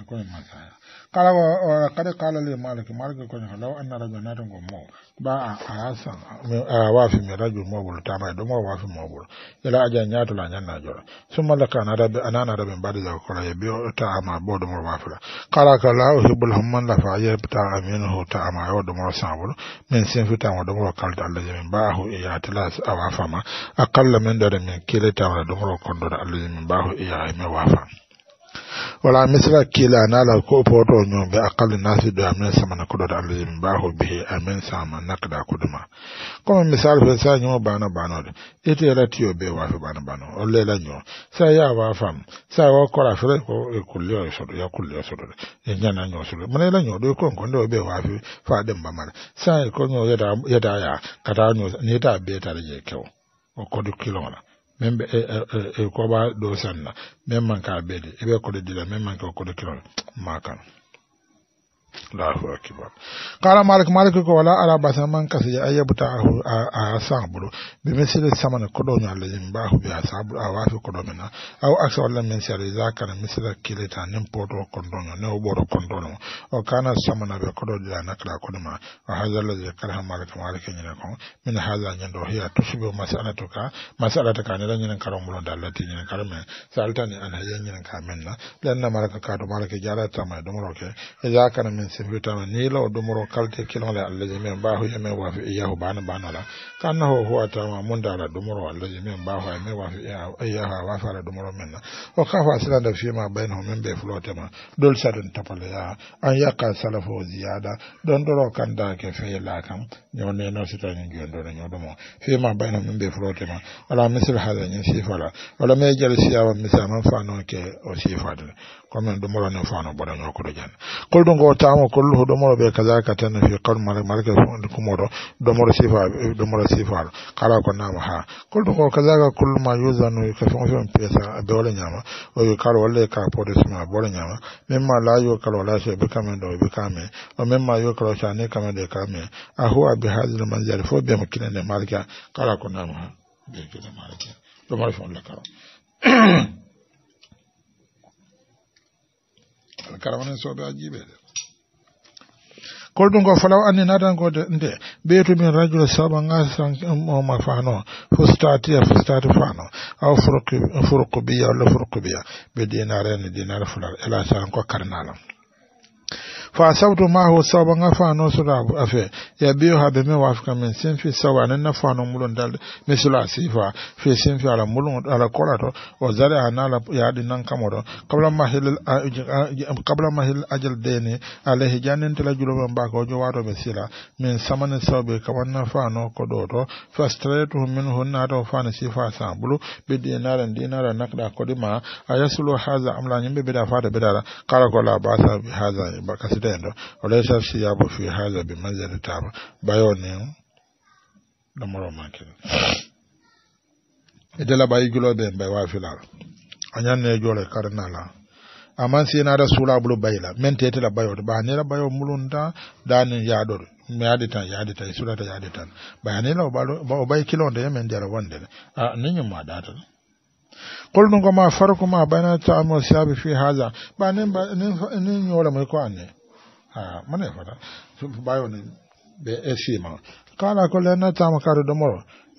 Speaker 1: akwai masaya kalawa wa kada kala le maliki maliki ko ne law anna rajulan mo ba a hasan wa fi mi rajo mo bul ta mai domo wa fi mo bulu ila aja to la nyanna jora sun malaka na rabbi anana rabbi badi ya kola ya biyo ta ama bo domo wa fi kala kala hibul hamman la fa ya ta aminu ta ama wa domo sabul min sin ta wa domo kalta Allah ya min ba hu ya tala awa fama akalla min da min kilita wa domo kondo da Allah min ba hu ya mai wa wala misra kila nala ko poto nyombe akali nasi do amen sama na kudo alim baho bihi amen sama nakda kuduma kama misal fe sa nyo bana bana de ite yala tiyo be wa fe bana bana olle la nyo sa ya wa fam sa wa kora fere ko e kulli o sodo ya kulli o sodo e nyana nyo sodo mane la nyo do ko ko ndo be wa fe fa dem ba mara sa ko nyo yada yada ya kata nyo ni ta be ta je kewo o kodu kilona men ɓe e eh, eh, eh, koɓa ɗo sanna men manka beede eɓe koɗe dila men manka o koɗe kirol ma Allahu akbar qala malik malik ko wala ala basa man kasi ya ayyabuta a sabulu bi misli samana ko do nyalle jim ba hu ya a wafi ko do mena aw aksa wala min sari zakar misla kilita nim poto ko do no ne oboro ko do no o kana samana be ko do dila nakra ko ma wa hadha alladhi qala malik malik ni ko min hadha do hiya tusbu mas'alatu ka mas'alatu ka ne dan nyen karam bulo dalati nyen karame saltani an hayyan nyen ka menna lanna malaka ka do malaka jara tamay do mo ke e zakara min simbitama nila o kalte kalite la alaji min mbahu e min wafi iyahu bana la kana ho huwatama munde ala ɗumoro alaji min mbahu e min wafi iyahu a wafi ala ɗumoro minna o kafa silande fima bainu min ɓe flotema dol sadun tapala ya an yakka salafu ziyada ɗon ɗoro kandake feyla kam ñowneno sitañi jondono ñoɗumo fima bainu min ɓe flotema ala misil hada ñin sifala wala ma jal siyawa misaman ke o sifadene komin ɗumoro ne fano boɗa do jan kol ɗum go tamo kolluho be kaza ka tan fi kal marke kumoɗo ɗomoro sifa ɗomoro sifa kala ko nama ha kol ɗum go kasaka kolluma yusanu ka fen fen pesa le wala o oyo kar wala ka poɗe sima boɗa ñama ma la yo kala wala so be kamen do be kamen o ma yo kala sha ne kamen de kamen a hu bi hadil manzar fo ɓema kinene ka kala ko nama ha ɓe kine mara fon la lakaro kala kala wonen sooɓe ajiiɓeede kolɗum ko falaw anndi natankode nde ɓeytumin radio saba gasaoma fano fustatiya fustati fano aw fourqu biya walla fourqu biya ɓe dinare ni dinare fulal elatan ko karnalam fa sabtu ma ho sawba nga fa no sura afe ya biyo ha be me wa afka min sin fi sawba nan na fa no mulun dal mi sula sifa fi sin fi ala mulun ala korato o zare ana la ya di nan kamoro qabla ma hil qabla ma hil ajal deni ala hijanin tala julo ban ba ko jo wato be sila min samana sawbe ka na fa no ko do to fastratu min hunna to fa na sifa bulu bi dinaran dinaran nakda kodima ayasulu haza amla nyimbe be da fa da be da kala ko la ba sa haza ba kasi sitendo olesa siyabu fi hadha bi manzali taba bayoni ɗomoro make e dela bayi a man jole karnala amman sinaɗa suulaɓulo bayila min tetela bayode ɓanila bayo mulunta danin yaɗoɗo mi yaadi tan yaadi tan e sulata yaadi bayanila o ɓay kilonde e a niñum ma ɗatata kolɗum ko ma fi haza ɓa nin nin ñoola mone fota bayo ni ɓe esima kala ko lenna tama kare domoro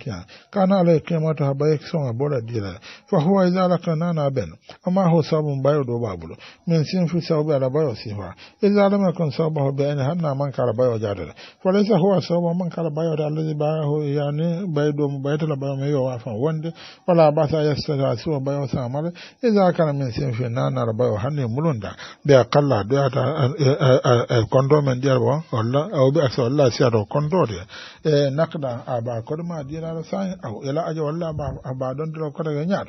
Speaker 1: kia kana le kema bora dira fa huwa iza la kana na ben ama ho sabun bayo do babulo men sin fu sabu ala bayo si ha iza la ma kon sabu ho ben na man kala bayo jada fa huwa sabu man kala bayo da ba ho do ta la yo wala ba sa ya sa su bayo sa mal iza kana men sin na na bayo ne mulunda be akalla do ta kondomen dia bo wala o si ado Eh, nakda a ba kod ma dirara sayin aw ila aje walla ba ba don dira kod ga nyar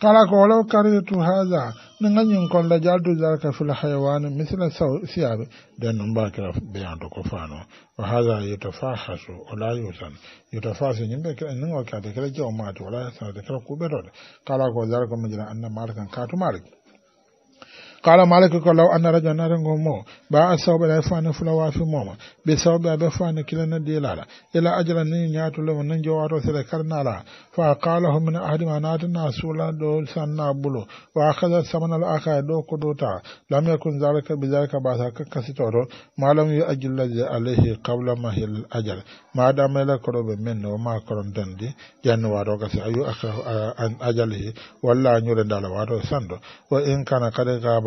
Speaker 1: kala ko walaw karitu hadha ni ngani kon la jaldu zaka fil hayawan misla siyabe dan non ba kira bayan to ko fano wa hadha yatafahasu wala yusan yatafahasu nyimbe kira ni wa ka de kira jawma to wala sa de kira kubedo kala ko zalika majina anna ka katu malik قال مالك لو أن رجلنا رنغمو با السبب لا يفعل فلوا في موما بسبب لا يفعل كلنا ديلالا إلى أجل أن ينياتو لو ننجو عرو سلكرنا لا فقاله من أحد ما ناتنا سولا دول سنة بلو وأخذ ثمن الآخر دو كدوتا لم يكن ذلك بذلك بعد كسيتورو ما لم يؤجل الذي عليه قبل ما هي الأجل ما دام لا كروب منه وما كرون دندي جنوارو كسي أيو أخاه عن أجله ولا أن يرد على وارو سندو وإن كان قد غاب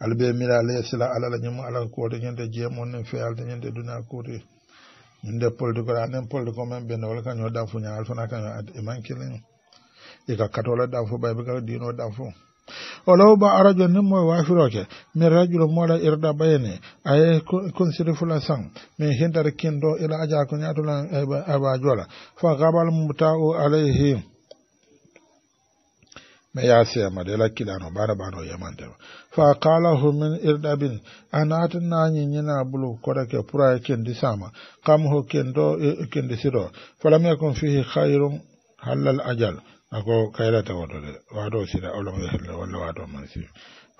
Speaker 1: alabe mira alayasila alala ñamu ala kote ñande jeemon nen feyalde ñande duna kote ñande politique ra nen politique men ɓenda wala kañoo danfo ñaal fana kañoo ad e mankilin e ka katola danfo bayɓe kala dino danfo olaw ba arajo nin moye wafiroke min rajulo moɗa irda bayene aye consiri fula san min hindata kindo ila aja ko ñatula eh, aba jola fa gabal mum ta o alayhim ya ma yasiyama de lakkilano bara bano yamantema fa kalahu min irdabin a natinnañi yana bulu ko da ke pour a kendi sama kam ho kento eh, kendi siro falam yakon fihi khairun hallal ajal ako kaira ta wato sira ya helle walla wato man si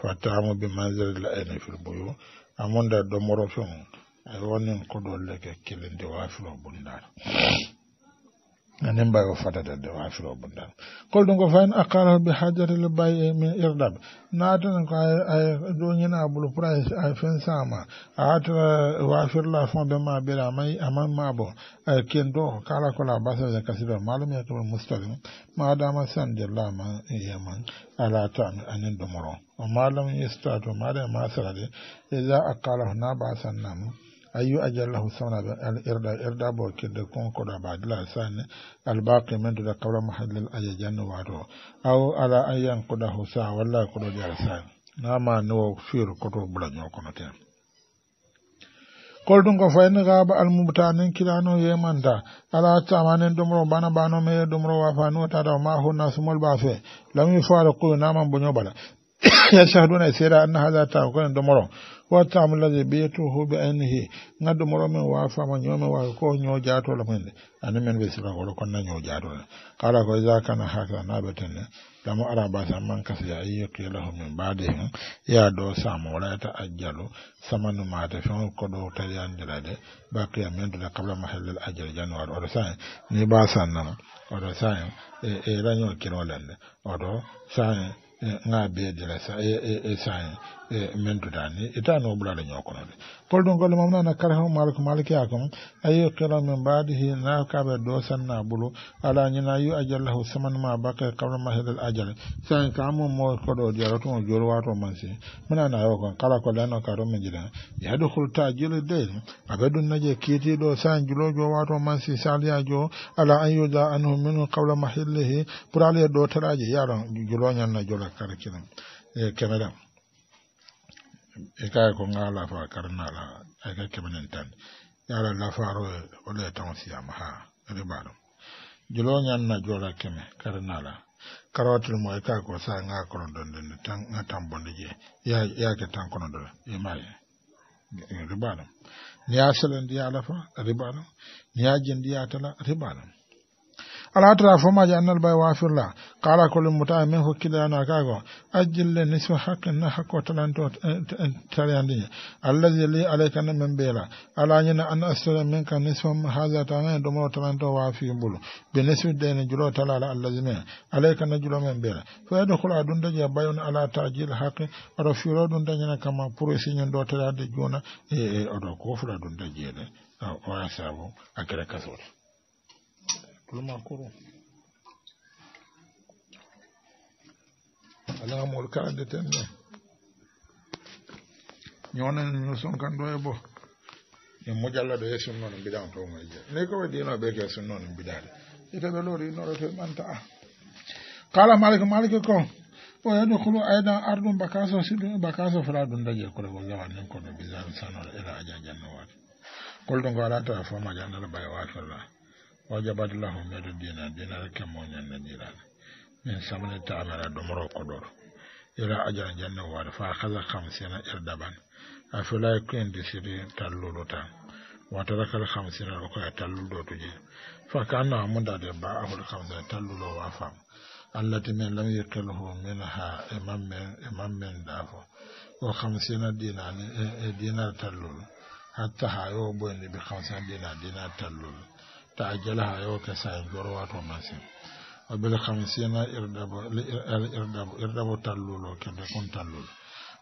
Speaker 1: mu bi manzil la ayna fil buyu amunda do fen ay wonin koɗolle ke kilindi wafiro bundaɗo anin mbawi fatata de wa hafiro bunda kol ɗum ko fayin akara be hajjata le bayi min irdaɓe natanen ko nyina bul price ay fen sama a atara wafirla fon ɓe ma ɓeɗa may aman ma bo ken ɗo kala kola de kasiba malum san de la ma yaman ala tan do moro o malam yestato maɗa ma sarade aqara na ba san namu ayu ajallahu sawna al irda irda bo kon ko da badla sane al baqi min da qawla ajjan wa wado aw ala ayyan kuda husa walla kudo jar na ma no firu koto bula ko noten koldun ko fayni gaaba al nen kilano yemanta ala tamanen dumro bana me banome ye no ta da ma hunna sumul ba fe lam yu fara kuyu naman boño bala ya shahduna seeda anna hadha ta koyen dumro. wa tamlade beyetoho ɓe aynihi gaddu moro men wafama ñoomen wawi ko ñoo jatolo mumen ani men kala ko ja kana hakka naɓe tenne ara basa man kasa ya yi yake lahu min bade hin ya do samu wala ta ajjalu samanu ma ta fi ko do ta yan dira de ba qiya min da qabla mahallal ajal januar or sai ni ba san e e lande e, nga be dira e e, e min ita no bulala ñokono de pol ɗum golle mam nana kara hen malik malik ya ayo kela min mbadihi na do sanna bulu ala yu ajallahu saman ma ajal san wato mansi minana yo kon kala ko hulta de aɓe ɗum naje san wato mansi saliya jo ala an yuda anhu minu kabla mahillihi pour yaron jola e ika ko nga la fa karna la aka kemenen tan ya la faro ye tan siyama ha b'a baro julo nyan na jola keme karna la karotul mo ika ko sa nga kono don den tan nga tan bonde je ya ya ke tan kono do e mai b'a baro ni asalan di ala fa b'a baro ni ajin di atala b'a baro ala tara fo maji annal bay wafirla kala kolum muta men hokkidana kago ajjille nisfa haqqin na hakko talanto eh, tariyandi allazi li alayka na min bela ala nyina an asra men kan nisfa hadha na do mo talanto wafi bulu be nisfi dene julo talala allazi men alayka na julo men bela fo yadkhulu adun daja bayon ala tajil haqqi aro firo dun danyana kama purisi nyon do tarade jona e eh, eh, odo ko fura dun dajele o asabo ah, akira kasore Luăm acolo. Ala molka de tenne. Nu no son kan do ebo. E mojalla do yesun non bidan to mo je. Ne ko di no be ke sun non bidan. Ita be lori no to manta. Kala malik malik ko. O ya do kulu aidan ardun bakaso sidun bakaso fara dun dage ko ko zawan ko do bizan sanora ila ajajan no wat. Kol don ko ala ta fama janna ba ya wa fara. وجبت لهم من الدين دين الكم والنذير من سمنة عمل دمر وقدر إلى أجر جنة وارفا أخذ خمسين إردبا أفلا يكون دسيري تلولوتا وترك الخمسين ركوية تلولو تجي فكان عمد أدباء الخمسين تلولو وافهم التي من لم يقله منها إمام من إمام من دافو وخمسين دينار دينار تلول حتى هايو بويني بخمسين دينار دينار تلول ta'a jala ha yau ke sa yin zuɣu da waata wa masin babbali kamusina ir kun tallu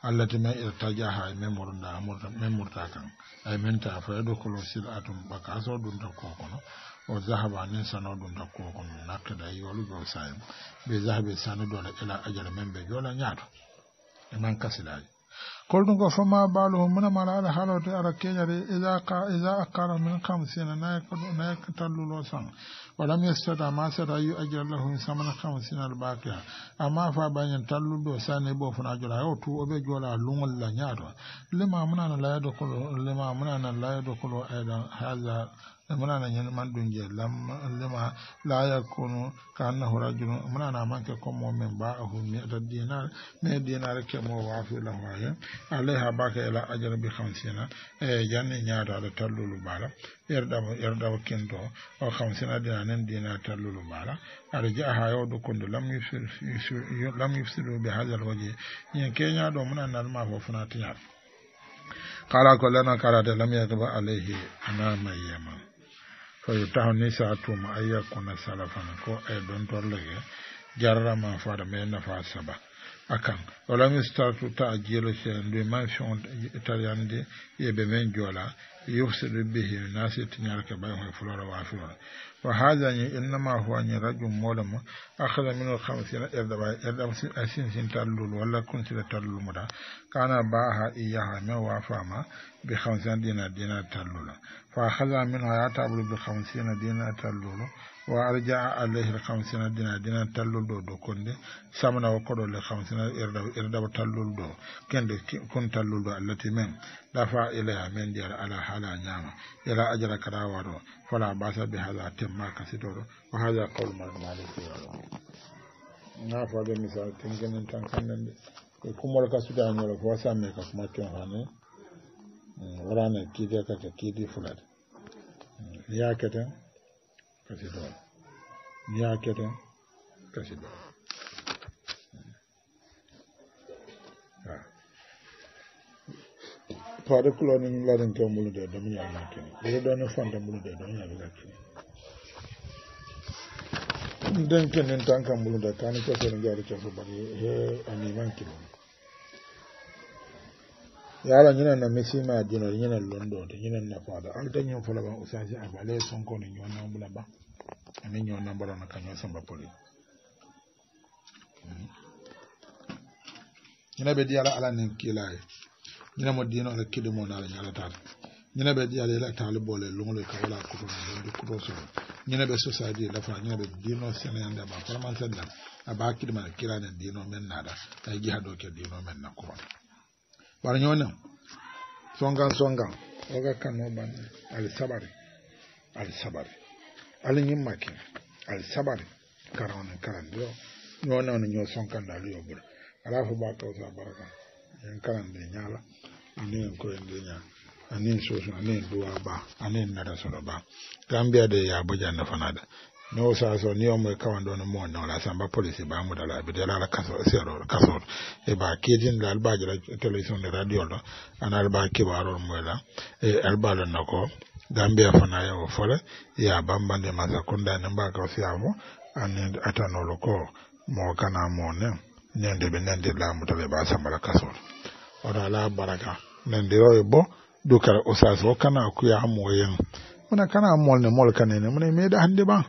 Speaker 1: allahc na ira taja kama murtala kama ta ka maimurta ka maimurta da ayiminta fayadukolo cire atum ba kaso don ta koko na zahaba ne sannan don ta koko na naftira yoli ba sa yin mu bi zahabe sani dole ila ajar min bi yola nyaɗu i man kasi kolɗum ko foma baluhu munamala aɗa haalowde ara keñade ida akkara min na kamsina naye tallulo san walam yestata ma sata yu ajira lahum samana kamsina al bakiha amma fa bañen talluɗo sane ɓo funa jola o tu obe jola lugol la ñaato lima munana da kolo lima munana layado kolo aydan haza منانا ين من دون جي لم لما لا يكون كانه رجل منانا من كم من باعه مئة دينار مئة دينار كم وافي له هي عليها باك الى اجر ب 50 اي جن نيار على تلل بالا يردو يردو كندو او 50 دينار دينار تلل بالا ارجعها يود كند لم يفسر لم يفسر بهذا الوجه ني كينيا دو منانا ما فناتيا قال كلنا كرات لم يغب عليه انا ما يمن fayutahu ni satuma an na salafan ko e eh, ɗon jarra ma fada me nafa saba akan wala walam istatu ta ajiyelo seen ɗum man de tariande yeɓe men jola يفسد به الناس تنيرك بينهم فلورا وعفلورا وهذا إنما هو أن رجل مولم أخذ من الخمسين إردب أسين سين تلول ولا كنت تلول مدى كان باها إياها ما وافاما بخمسين دينا دينا تلول فأخذ منها يعتبر بخمسين دينا تلول wa arja alayhi alhamsina dina dina tallol ɗo dow konde samna wo koɗole hamsina erdawa tallol ɗo kende kon tallol ɗo allati men dafa ilayha men ndiyata ala haala ñaama yala ajara kada waɗo fala basa be haala temma kasitoɗo wa haala qawlu marmali firaɗo na faɓe misal tenkenen tan kannande ko kumoɗo ka sudañola fo samme ka kuma ken fane warane kiide kaka kiidi fulade yaketen kasi dɔ ni y'a kɛ ten kasi dɔ pare kulɔni larin tɛ n bolo dɛ dɔmi y'a ma kini bolo dɔni fan tɛ n bolo dɛ dɔmi y'a bɛ ka kini n den kɛ nin tan kan bolo dɛ taa ni gari kɛsɛ bari a ani man yala ñinen na ma junor ñinen londo te ñinen na faada alta ñin fula ban usasi a bale ko ni ñoo bula ba ani ñoo nambala na kaño samba poli ñina hmm. be diala ala nin kilaye ñina mo dino ala kidu mo nala ñala ta ñina be diala diyala ila taali lu lungolo ka wala ko ko londi kuto so ñina be so society la fa ñina be dino senende ba farman sendam aba kidma ma ne dino men nada ay jihado ke dino men na ko bara ñonen songan songan oga kanno banne ali sabari ali sabari ali ñimmake ali sabari ala ba tawsa baraka en karande duwa ba anin soro ba gambia da ya buja na fanada n'o saa sɔrɔ n'i y'o mɔ i kawan dɔɔni mɔ nɔ la sanba polisi b'a mu da la a bɛ la e b'a kiri la ale b'a jira television de radio la ani ale b'a kibaru mɔ la e ale b'a lɔn nɔkɔ gambia fana ye o fɔlɔ y'a banbande masa kunda ne b'a kɛ siyafo ani a ta n'olu kɔ mɔgɔ kana mɔ ne ne de ne de la b'a sanba la kaso ala baraka ne de y'o bɔ do o sɔrɔ kana kuya mɔ ye muna kana mol ne mol kane ne muna me da hande ba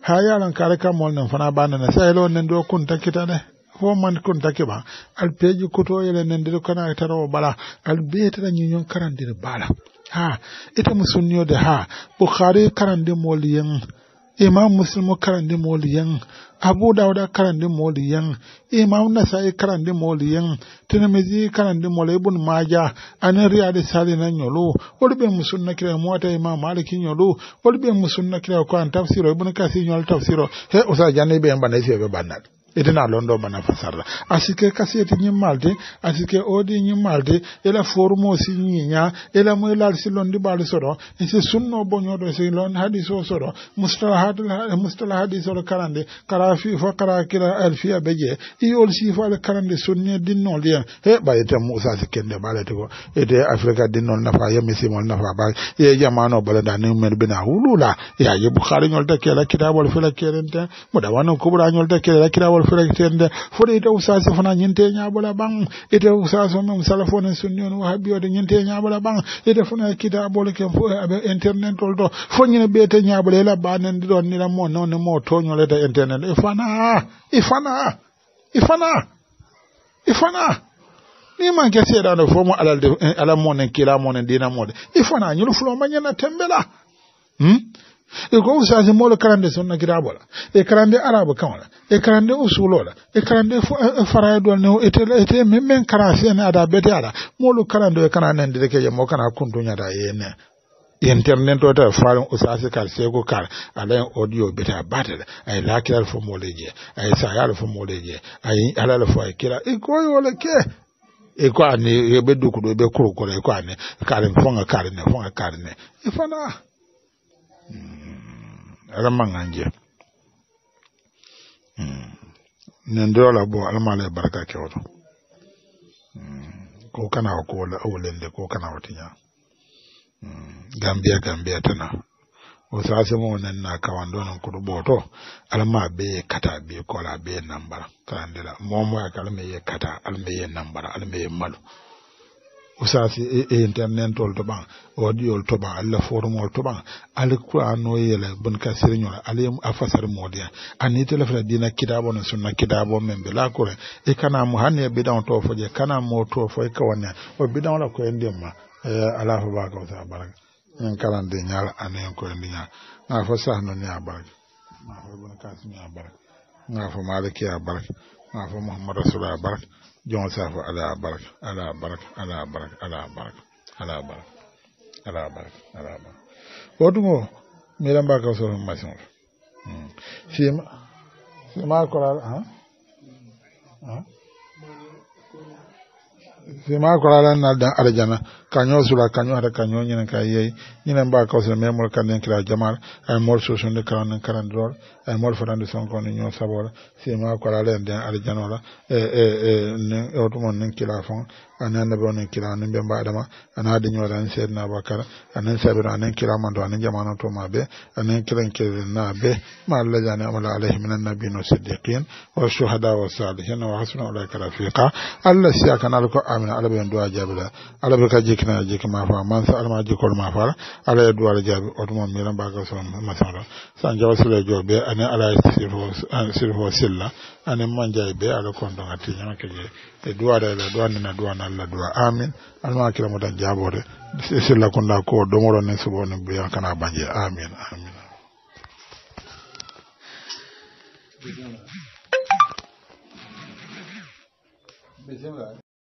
Speaker 1: ha yaran kare ka mol ne fana ba na sai lo ne do kun kita ne ko man kun ba alpeji kuto yele nan ndido kana tarawo bala albe tara nyinyon karandir bala ha ita musunniyo da ha bukhari karande mol imam muslim karandi moliyan abu dawud karandi moliyan imam nasai karandi moliyan tirmidhi tirmizi karandi molu ibn maja an riyadi sali na nyolo olbe musunna kira muata imam maliki nyolo olbe musunna kira ko an tafsir ibn kasi nyol tafsir he usa be banaisi be banal itena londo mana fasarra asike kaseti ñimmalde asike oɗi ñimmalde ela formo si ñiña ela mo elal si londi ɓaali soɗo si sunno boñoɗo si lon haɗis o soɗo mustala karande kara fi fo kara kila alfiya ɓe je iyol sifale karande sunni dinnol yen he ɓayete musa si kende ɓaalete ko ete africa dinnol nafa yemisimol nafa ɓa ye jamano balada ni men bina wulula yaye bukhari ñolta kela kitabol fela kerente mo dawano kela kitabol Fura fulak tende foɗo ite usasi fana ñinte ñaɓola ɓan ite usasi mum salafone sunni on wahabi ode ñinte ñaɓola ɓan ite fana kitabole ken fo aɓe internet tol to foñine ɓeete ñaɓola ela banende ɗon nira mo nonne mo toñoleta internet e fana e fana e fana e fana ni man ke seeɗano fo mo alalde ala eh, monen kila monen dina mode e fana ñol fulo mañana tembela hmm? e ko usasi molo karande sonna kitabola e karande arabe kaola e karande usulola e karande e, e farayidol ne ete e men kara ne ada bete ada molu karande e kana nan de keje mo kana kundunya da yene internet to ta farin usasi kar sai ko kar alayin audio beta battle ay lakiral fo moleje ay sayal fo moleje ay alal fo ay kira e ko yola ke e ko ani e be duku do. be kurokoro e ko ani kare fonga kare ne fonga kare ne e fana mm, Hmm. nin dora la bo almalai barka ke wato hmm. ko kana wa ko la awulin da ko kana ya gambiya gambiya tana o sase mo nan na kawan don ko boto alma be kata be kola be nambara kan dela mo ya kalme ye kata alme ye nambara alme ye malu usasi enten e, to ban odiyol to ban alla forumol to ban al qur'ano yele bun kasir nyola ali afasar modiya ani tele fra dina kitabo na sunna kitabo men be la kore e kana mu hanne bidan to foje kana mo to fo e kawanne o bidan la ko endema e, ala fa ba ko ta baraka en ko na fa sahno ni abaraka na fa bun kasir na na muhammad rasul jon safo ala baraka ala baraka ala baraka ala baraka ala baraka ala baraka ala baraka ko o wotugo miɗen mba kaw soro machine o hmm. sima sima koral a sima na naldan arjana kañoo sula kañoo hata kañoo ñinen ka yeyi ñinen mbawa kawsene mais mol kanden kira jamal ay mol sosunde kalanen karandirol ay mol fotande sonkoni ñoo sabola sima ko ala len den aljanola e eh, e eh, e eh, nen otumon nen kila fon kila ana ma amala siddiqin wa wa wa hasuna ulaika rafiqa allah siya amina ka jikkina a jikki ma fa man sa alama jikkol ma fala alaye duwa la jaabi otumon miran mbaka so masala san jawa sile jobe ane ala sirfo silla ane man jay e be ala kondo ngati nyama ke je e duwa da la duwa nina duwa na la duwa amin alama kila mota jabore silla kunda ko domoro ne subo ne buya kana banje amin amin Bismillah.